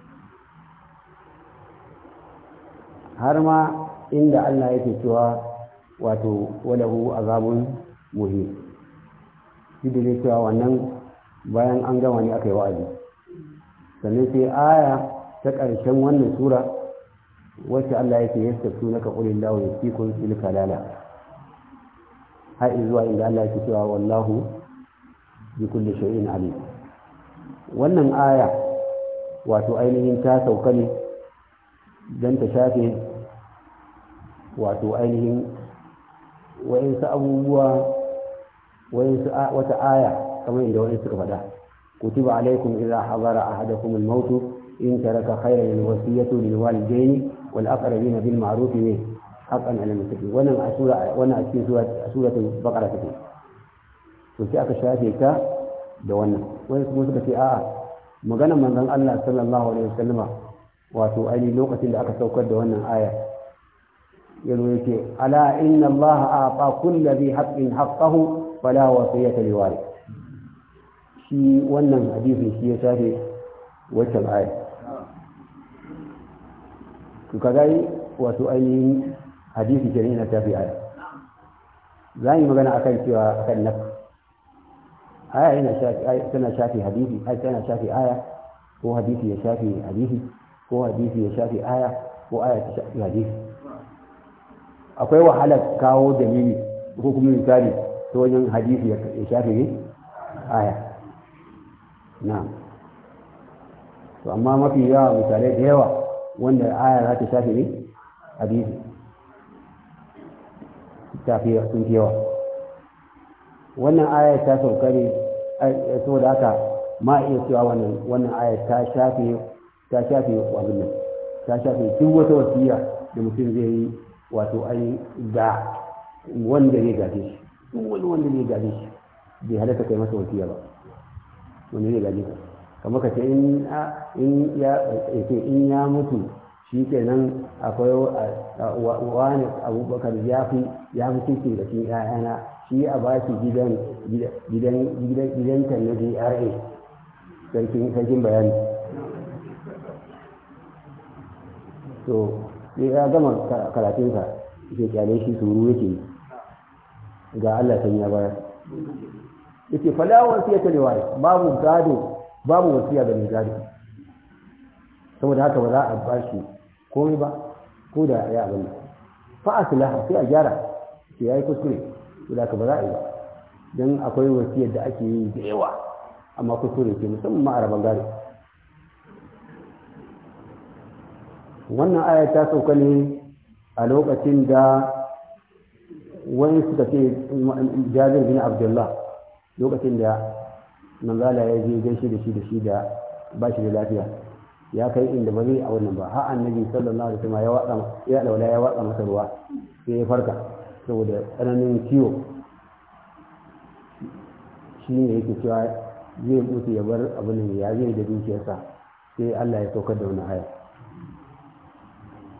Speaker 1: har ma inda Allah yake cewa wato walahu azabun muhim shi da cewa wannan bayan an gama ne aka yi wa'azi sannan sai aya ta ƙarshen wannan sura wacce Allah yake yastaftu naka ya fi kun fil kalala har zuwa inda Allah yake cewa wallahu bi kulli shay'in alim wannan aya wato ainihin ta sauka ne don ta shafe wato ainihin wa'insu abubuwa wata aya kamar inda wani suka faɗa kutiba alaikum idza hadara ahadakum al-maut in taraka khayran al-wasiyatu lil walidayni wal aqrabina bil ma'ruf ne haqqan ala al-muttaqin wannan a sura wannan a cikin sura suratul baqara take to sai aka shafe ta da wannan wani kuma suka ce a'a maganar manzon Allah sallallahu alaihi wasallama wato ainihin lokacin da aka saukar da wannan aya yanzu yake ala inna allaha aqa kulli dhi haqqin haqqahu fala wasiyata li warith shi wannan hadisin shi ya shafe waccan aya to kaga yi wato ainihin hadisi ke yana shafe aya za yi magana akan cewa akan naf aya yana shafe tana shafe hadisi aya tana shafi aya ko hadisi ya shafi hadisi ko hadisi ya shafi aya ko aya ta shafi hadisi akwai wahalar kawo dalili ko kuma misali ta hadisi ya shafi ne aya na'am to amma mafi yawa misalai da yawa wanda aya za ta shafi ne hadisi shafi sun yawa wannan aya ta sauka ne da haka ma iya cewa wannan wannan aya ta shafi ta shafe abin nan ta shafi duk wata wasiya da mutum zai yi wato ai ga wanda ya gaje shi duk wani wanda ne gaje shi bai halatta kai masa wasiya ba wanda ne gaje ka kamar ka ce in ya in ya mutu shi nan akwai wani abubakar ya fi ya fi cikin da shi ƴaƴana shi a ba shi gidan gidan gidan na DRA sarkin bayani to ya gama karatunsa ke kyale shi suru yake yi ga Allah ta ya bayar yace fala siya ta riwaya babu gado babu wasiya ga gado saboda haka ba za a bashi komai ba ko da ya abin fa aslaha sai a gyara sai yi kuskure da ka ba za a yi ba dan akwai wasiyar da ake yi da yawa amma kuskure ke musamman a raban gado wannan aya ta sauka ne a lokacin da wani suka ce jabir bin abdullah lokacin da manzala ya je gaishe da shi da shi da ba shi da lafiya ya kai inda ba zai a wannan ba har annabi sallallahu alaihi wasallam ya watsa ya daula ya watsa masa ruwa sai ya farka saboda tsananin ciwo shi ne yake cewa zai mutu ya bar abin da ya zai da dukiyarsa sai Allah ya saukar da wani haya?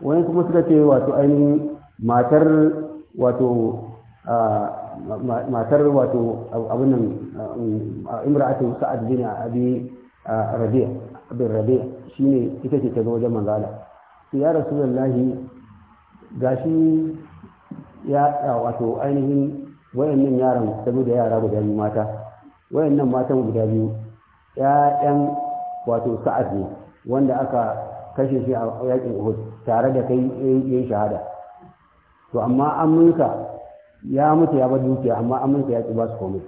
Speaker 1: wani kuma suka ce wato ainihin matar wato matar wato abinan imra'atu sa'ad bin abi rabi'a abin rabi'a shine ita ce ta zo wajen manzala to ya rasulullahi gashi ya wato ainihin wayannan yaran ta da yara guda biyu mata wayannan matan guda biyu ya'yan wato sa'ad ne wanda aka kashe shi a yakin Uhud tare da kai yayin shahada to amma aminka ya mutu ya bar dukiya amma aminka ya ci ba su komai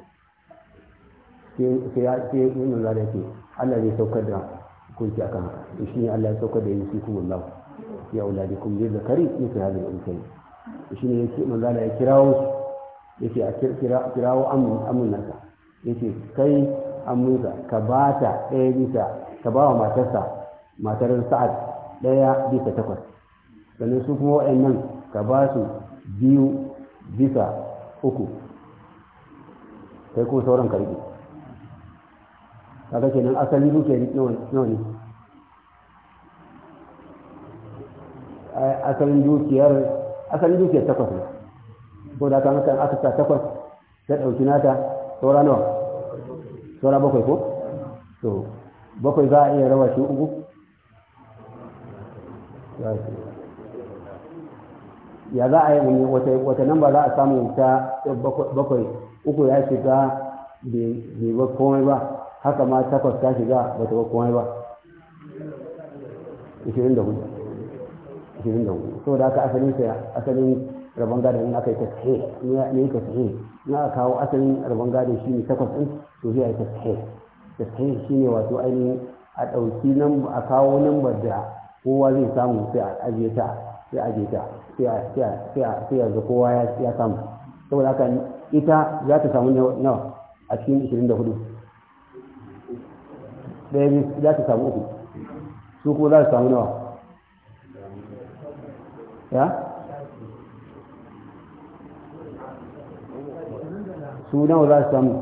Speaker 1: sai ya ce yin da yake Allah zai saukar da hukunci akan haka shi ne Allah ya saukar da yusi kuma Allah ya da kuma zai zakari in ka hada da shi ne yake da ya kirawo su ce a kirawo amin Ya ce kai aminsa ka ba ta ɗaya bisa ka ba wa matarsa matar sa'ad ɗaya bisa takwas sannan su kuma waɗannan ka ba su biyu bisa uku sai kuma sauran karfi kaga kenan asali dukiya nawa ne asalin dukiyar asalin dukiyar takwas ne ko da kan kan aka ta takwas ta dauki nata saura nawa saura bakwai ko to bakwai za a iya raba shi uku ya za a yi wani wata nan ba za a samu ta bakwai uku ya shiga bai ba komai ba haka ma takwas ta shiga ba ta ba komai ba 24 so da aka asalin sa asalin rabon gada in aka yi tashe ne ka tashe in aka kawo asalin rabon gada shi ne takwas ɗin to zai yi ta tashe shi ne wato ainihin a ɗauki a kawo nambar da kowa zai samu sai a ajiye ta sai a ajiye ta sai yanzu kowa ya samu saboda haka ita za ta samu nawa a cikin 24 ɗaya ne za ta samu uku su kuma za su samu nawa ya
Speaker 3: su nawa za su samu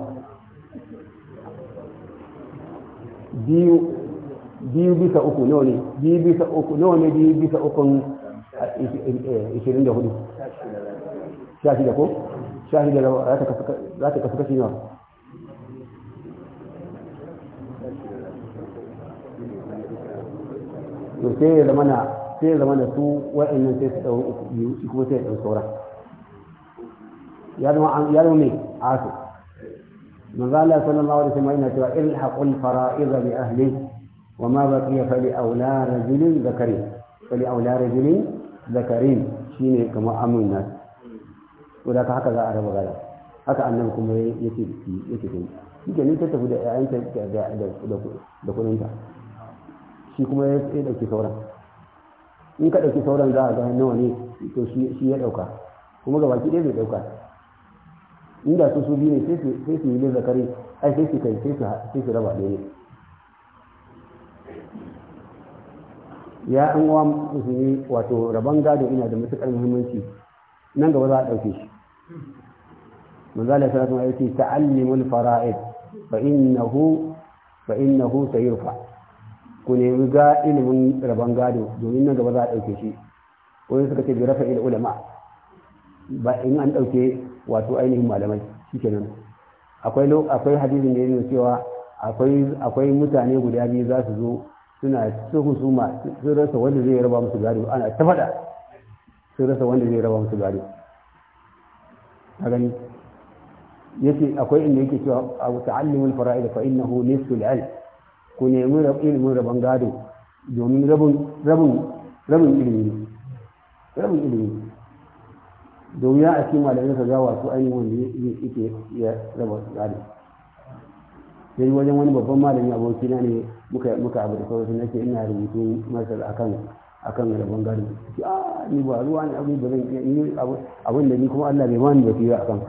Speaker 1: biyu bisa uku nawa ne biyu bisa uku nawa ne biyu bisa uku. 24 sha shida ko sha shida za ta kasu kashi nawa
Speaker 3: to sai ya zama na
Speaker 1: sai ya zama na su wa'annan sai su ɗauri uku biyu shi kuma sai ya ɗauri sauran ya zama mai asu manzo Allah sallallahu alaihi wasallam yana cewa ilhaqul fara'id bi ahli wa ma baqiya fa li awla rajulin zakari fa li awla rajulin zakarin shine kamar amin nasu. ko da haka za a raba gada haka annan kuma ya ya ce kai shi ke nita tafi da ƴaƴanta da kudinta shi kuma ya dauki sauran in ka dauki sauran za a ga nawa ne to shi ya ɗauka kuma ga baki ɗaya zai ɗauka inda su su biyu ne sai su yi zakarin ai sai su kai sai su raba ɗaya ne ya an wa musulmi wato rabon gado ina da matuƙar muhimmanci nan gaba za a ɗauke shi manzala ya sarrafa ya ce ta'allimul fara'id fa innahu fa innahu sayurfa ku nemi ga ilimin rabon gado domin nan gaba za a ɗauke shi wani suka ce bi rafa ulama ba in an ɗauke wato ainihin malamai shikenan akwai akwai hadisin da yana cewa akwai akwai mutane guda biyu za su zo suna su ma sun rasa wanda zai raba musu gari ana ta faɗa sun rasa wanda zai raba musu gari. a gani yace akwai inda yake cewa a ta'allimul fara'id fa innahu su ilm ku nemi ilimin raban gado domin rabin rabin rabin ilimi rabin ilimi domin ya a cikin malamai ka gawa su ainihin wanda yake ya raba gado sai wajen wani babban malami abokina ne muka muka abu da kawai nake ina rubutu masar akan akan rabon gado a ah, ni ba ruwa ne abu da zan ni abin da ni kuma Allah bai bani da fiye akan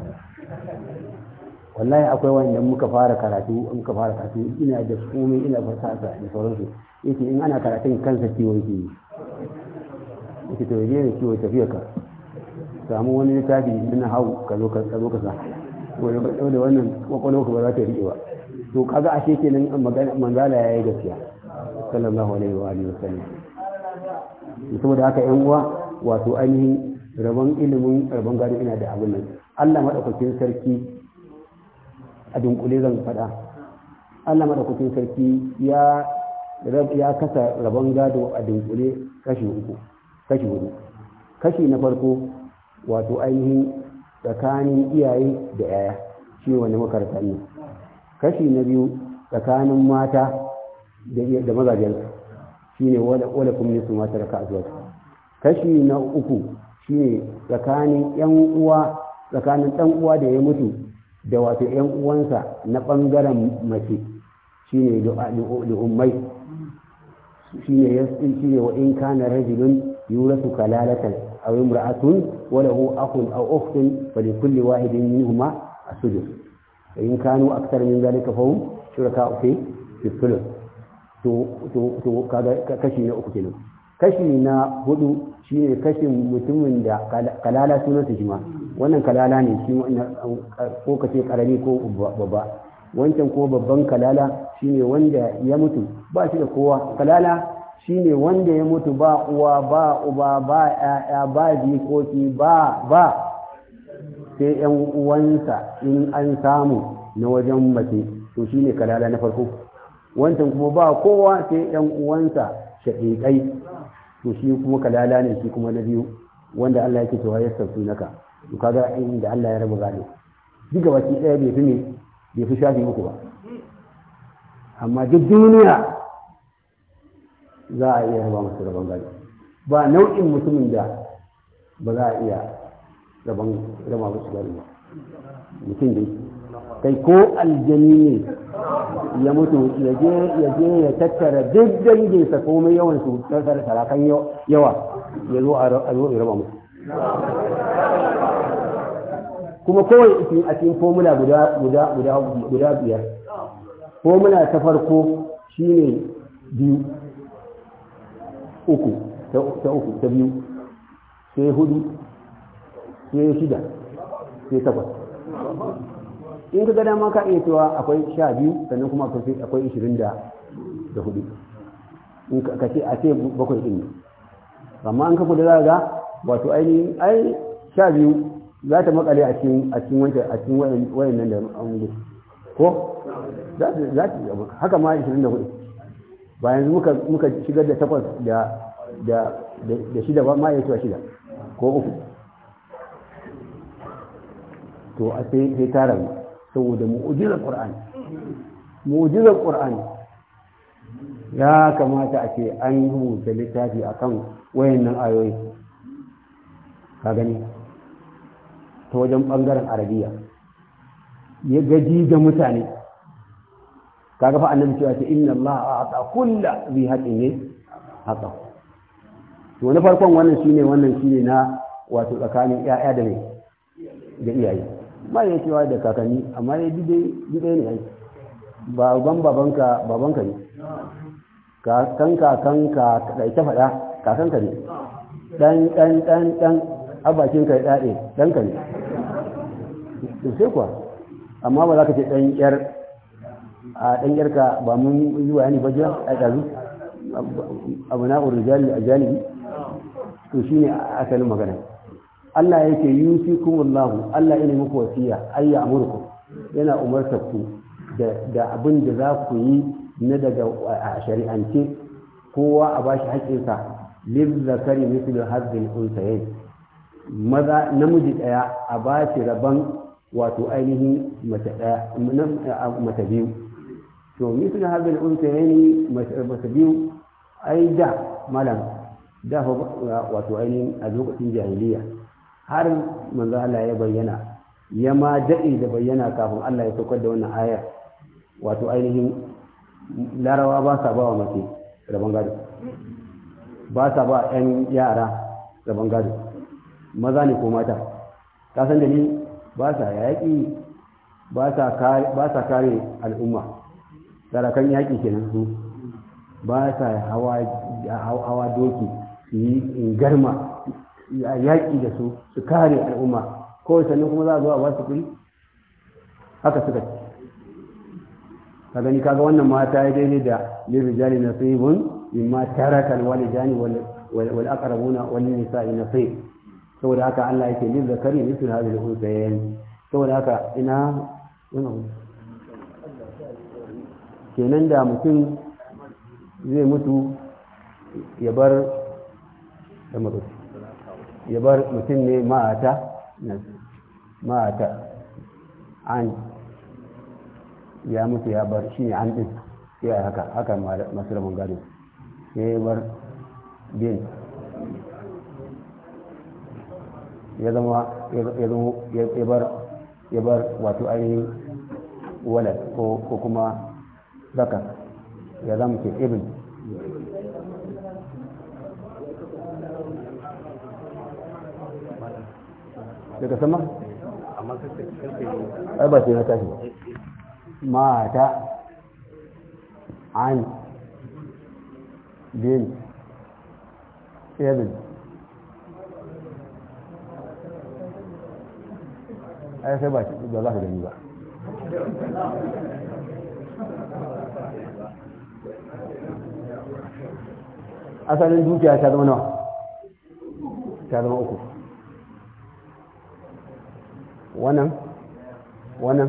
Speaker 1: wallahi akwai wanda muka fara karatu muka fara karatu ina da komai ina fasaha da sauransu yake in ana karatun kansa ciwon ke yake to yaje ne ciwon tafiya ka samu wani littafi na hau ka zo ka zo ka sa ko da wannan kwakwalwa ba za ta riƙe ba to kaga ashe kenan magana manzala yayi gaskiya sallallahu alaihi wa alihi wasallam saboda haka yan uwa wato ainihin rabon ilimin rabon gado ina da abin nan Allah madaukakin sarki a dunkule zan faɗa Allah madaukakin sarki ya ya kasa rabon gado a dunkule kashi uku kashi hudu kashi na farko wato ainihin tsakanin iyaye da yaya shi wani makarta ne kashi na biyu tsakanin mata da mazajensu shi ne wadda kuma nisu mata da ka'azuwarsu kashi na uku shi ne tsakanin yan uwa tsakanin ɗan uwa da ya mutu da wato yan uwansa na ɓangaren mace shi ne lu'ummai shi ne wa in kana rajulun su kalalatan aw imra'atun wa lahu akhun aw ukhtun fa li kulli wahidin huma a sudus in kanu aksar min zalika fahum shuraka kashi na hudu shine kashin mutumin da kalala sunansa shi ma wannan kalala ne shi ko kace karami ko babba wancan ko babban kalala shine wanda ya mutu ba shi da kowa kalala shine wanda ya mutu ba uwa ba uba ba ƴaƴa ba jikoki ba ba sai yan uwansa in an samu na wajen mace to shine kalala na farko wancan kuma ba kowa sai yan uwansa shaqiqai to shi kuma kalala ne shi kuma na biyu wanda Allah yake cewa yassautu naka to kaga inda Allah ya raba gado Diga baki ɗaya bai fi ne bai fi shafi uku ba amma duk duniya za a iya raba masu rabon gado ba nau'in mutumin da ba za a iya rabon raba wasu garuwa mutum dai kai ko aljani ne ya mutu ya je ya tattara duk danginsa komai yawan su tattara sarakan yawa ya zo a zo raba musu
Speaker 3: kuma kowai
Speaker 1: a cikin formula guda guda guda guda biyar formula ta farko shine biyu uku ta uku ta biyu sai hudu sai shida sai takwas in ka gada maka iya cewa akwai sha biyu sannan kuma akwai ishirin da hudu in ka ce a ce bakwai ɗin ne amma an kafa da za ga wato ainihin ai sha biyu za ta makale a cikin wancan a cikin wayan nan da an ko za ta haka ma ishirin da hudu ba yanzu muka shigar da takwas da shida ba ma iya cewa shida ko uku to a sai sai tara rabu saboda mu'ujizar qur'ani mu'ujizar qur'ani ya kamata a ce an yi rubuta littafi akan wayannan ayoyi ka gani ta wajen ɓangaren arabiya ya gaji ga mutane kaga gafa annabi cewa ta inna Allah a'ata kulla bi haqqin ne haka to na farkon wannan shine wannan shine na wato tsakanin ƴaƴa da mai da iyaye ba ya cewa da kakanni amma ya ji dai ne ai ba ban babanka babanka ne kakan kakan ka da ita faɗa ka ne dan dan dan dan abakin ka ya dade dan ka ne to sai kuwa amma ba za ka ce dan yar a dan yar ka ba mun yi wani ba jiya a dazu abu na urjali a janibi to shine asalin magana Allah yake yusikumullahu Allah yana muku wasiya ay ya'murukum yana umartar ku da da abin da za ku yi na daga shari'ance kowa a bashi haƙƙinsa lil zakari mithlu hadhil unsayayn maza namiji daya a bashi rabon wato ainihin mace daya mata biyu to mithlu hadhil unsayayn mata biyu ai da malam da wato ainihin a lokacin jahiliya har manzo Allah ya bayyana ya ma daɗe da bayyana kafin Allah ya saukar da wannan ayar wato ainihin larawa ba sa ba wa mace rabon gado ba sa ba 'yan yara rabon gado maza ne ko mata ka san dalili ba sa yaƙi ba sa kare al'umma sarakan yaƙi kenan su ba sa hawa doki su yi garma yaƙi da su su kare al'umma ko sannan kuma za a zo a ba kuri haka suka ce ka gani kaga wannan mata ya daidai da lirijali na tsibin aka rabu na wani nisa wal na nasib saboda haka Allah yake lil zakari da hadhihi al-unsayayn saboda haka ina kenan da mutum zai mutu ya bar da marufi ya bar mutum ne ma'ata ma'ata an ya mutu ya bar shi ne an ɗin ya haka haka masu rabin gado ya bar bin ya zama ya bar wato ainihin walad ko kuma zakar ya zama ke ibin daga sama ai ba sai na tashi mata an bin irin ai sai ba shi za ka gani ba asalin dukiya ta zama nawa ta zama uku wannan wannan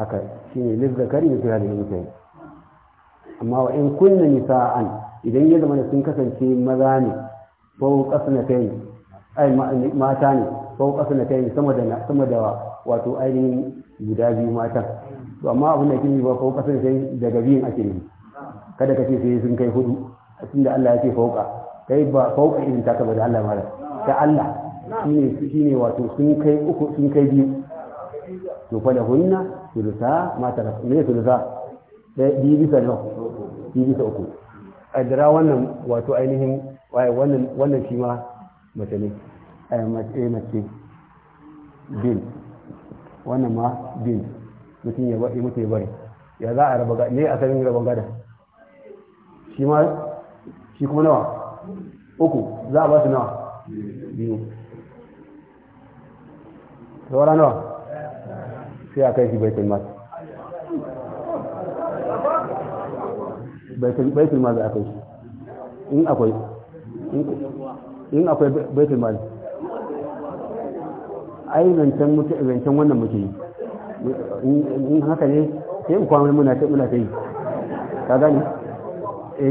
Speaker 1: aka shi ne lizzakari ne kira da yankai amma wa in kunna nisa'an idan ya zama da sun kasance maza ne ko kasu na kai ai mata ne ko kasu na kai sama da sama da wato ainihin guda biyu matan to amma abin da kini ba ko kasu na kai daga biyun ake ne kada ka ce sai sun kai hudu tunda Allah ya ce fauka kai ba fauka irin taka ba da Allah mara ta Allah shi ne wato sun kai uku sun kai biyu to fa hunna thulutha ma taraka ne thulutha da biyu bisa nawa biyu bisa uku A jira wannan wato ainihin wannan wannan shi ma mace ne eh, mace eh, mace bin wannan ma bin mutum ya bari mutum ya bari ya za a raba gada ne sanin raba gada shi ma shi kuma nawa uku za a ba su nawa biyu saura nawa sai a kai shi baitul mal baitul mal a kai shi in akwai in akwai baitul mal ai zancen zancen wannan muke yi in haka ne sai in kwanar muna ta muna ta yi ka gani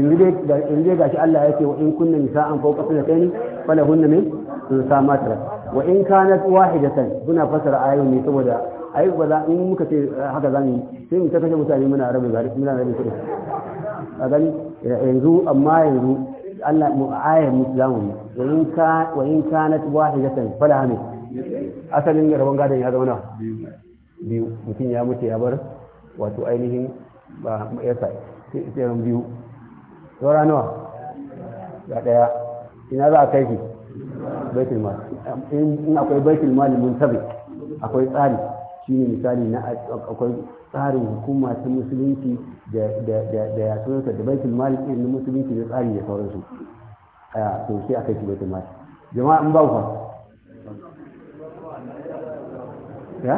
Speaker 1: in dai gashi Allah ya ce wa in kunna nisa'an fawqa sanatayn falahunna min sun sa matara wa in kanat wahidatan muna fasara ayoyi ne saboda ayi ba za in muka ce eh, haka zamu yi sai mu ta kashe mutane muna rabe gari muna rabe kudi a gani yanzu amma yanzu Allah mu ayar musulmi wa in ka wa in kanat wahidatan fala hame asalin rabon gadon ya zama nawa biyu mutum ya mutu ya bar wato ainihin ba yasa sai biyu saura nawa ga daya ina za a kai shi baitul mal in akwai baitul mal mun tabi akwai tsari shine misali na akwai tsarin hukuma ta musulunci da ya tsoro da baitul mal na musulunci da tsari da sauransu a to sai akai baitul mal jama'a an ba ku
Speaker 3: ya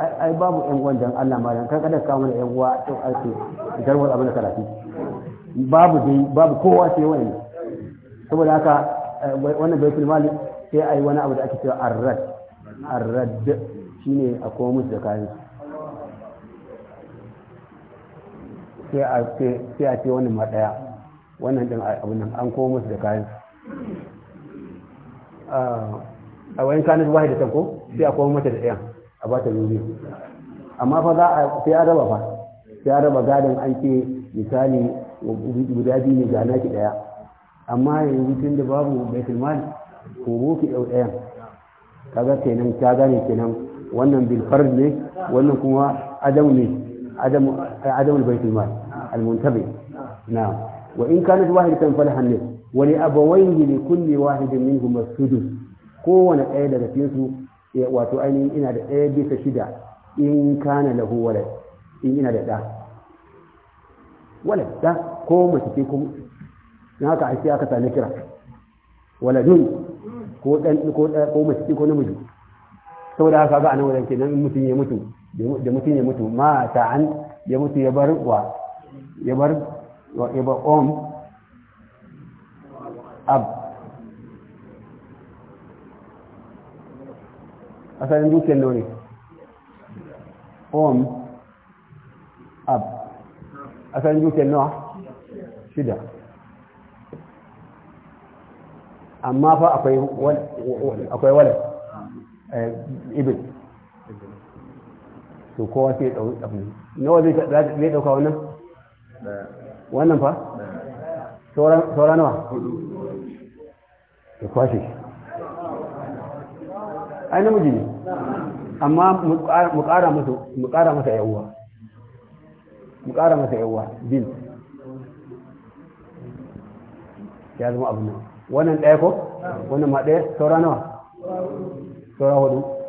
Speaker 3: ai babu yan uwan dan Allah ma dan kan
Speaker 1: kada ka mana yan uwa to ai to garwar abin da karatu babu dai babu kowa sai wani saboda haka wannan baitul mali sai a yi wani abu da ake cewa arrad arrad shine a koma musu da kayan sai a ce wannan ma daya wannan din abu nan an koma musu da kayan a wayan kanin wahi da tanko sai a koma mata da ɗayan a ba ta biyu amma fa za a sai a raba fa sai a raba gadon an ce misali guda biyu ne ga naki ɗaya amma yanzu tun da babu baitul mali ko boki ɗau ɗayan kaga kenan ta gane kenan wannan bil ne wannan kuma adam ne adam adam baitul mali al muntabi na'am wa in kanat wahidatan fal nis wa li abawayhi li kulli wahidin minhum as-sudus kowane ɗaya daga cikin su wato ainihin ina da ɗaya bisa shida in kana lahu walad in ina da ɗa walad da ko mace ce Na haka ake aka sami kira waladun ko dan ko ko mace ko namiji saboda haka ga anan wajen kenan mutum ya mutu da mutum ya mutu ma ta'an ya mutu ya bar wa ya bar wa, ya bar om ab asalin dukiyar nawa om ab asalin dukiyar nawa shida amma fa akwai walad eh, ibin to kowa sai ya ɗau ɗafin nawa zai ɗauka wannan wannan fa saura nawa ya kwashe ai namiji ne amma mu ƙara masa yawuwa mu ƙara masa yawuwa bin ya zama abin nan wannan ɗaya ko wannan ma ɗaya saura nawa saura hudu